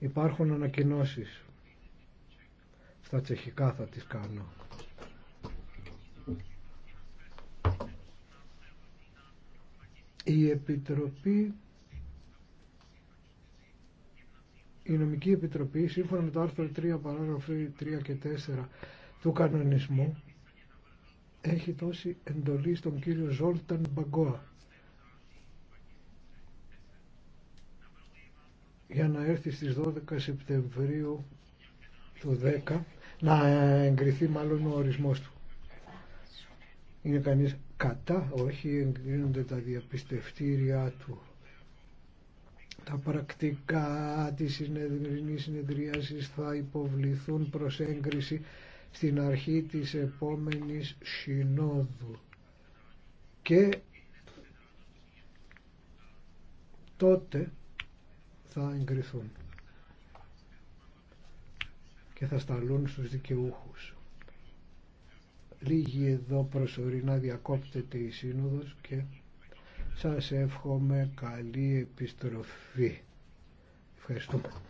Υπάρχουν ανακοινώσεις. Στα τσεχικά θα τις κάνω. Η Επιτροπή η Νομική Επιτροπή, σύμφωνα με το άρθρο 3, παράγραφοι 3 και 4 του κανονισμού, έχει δώσει εντολή στον κύριο Ζόλταν Μπαγκόα, για να έρθει στις 12 Σεπτεμβρίου του 10 να εγκριθεί μάλλον ο ορισμός του. Είναι κανείς κατά, όχι εγκρίνονται τα διαπιστευτήριά του. Τα πρακτικά της συνεδρινής συνεδρίασης θα υποβληθούν προς έγκριση στην αρχή της επόμενης συνόδου. Και τότε θα εγκριθούν και θα σταλούν στους δικαιούχους. Λίγοι εδώ προσωρινά διακόπτεται η σύνοδος και σας εύχομαι καλή επιστροφή. Ευχαριστούμε.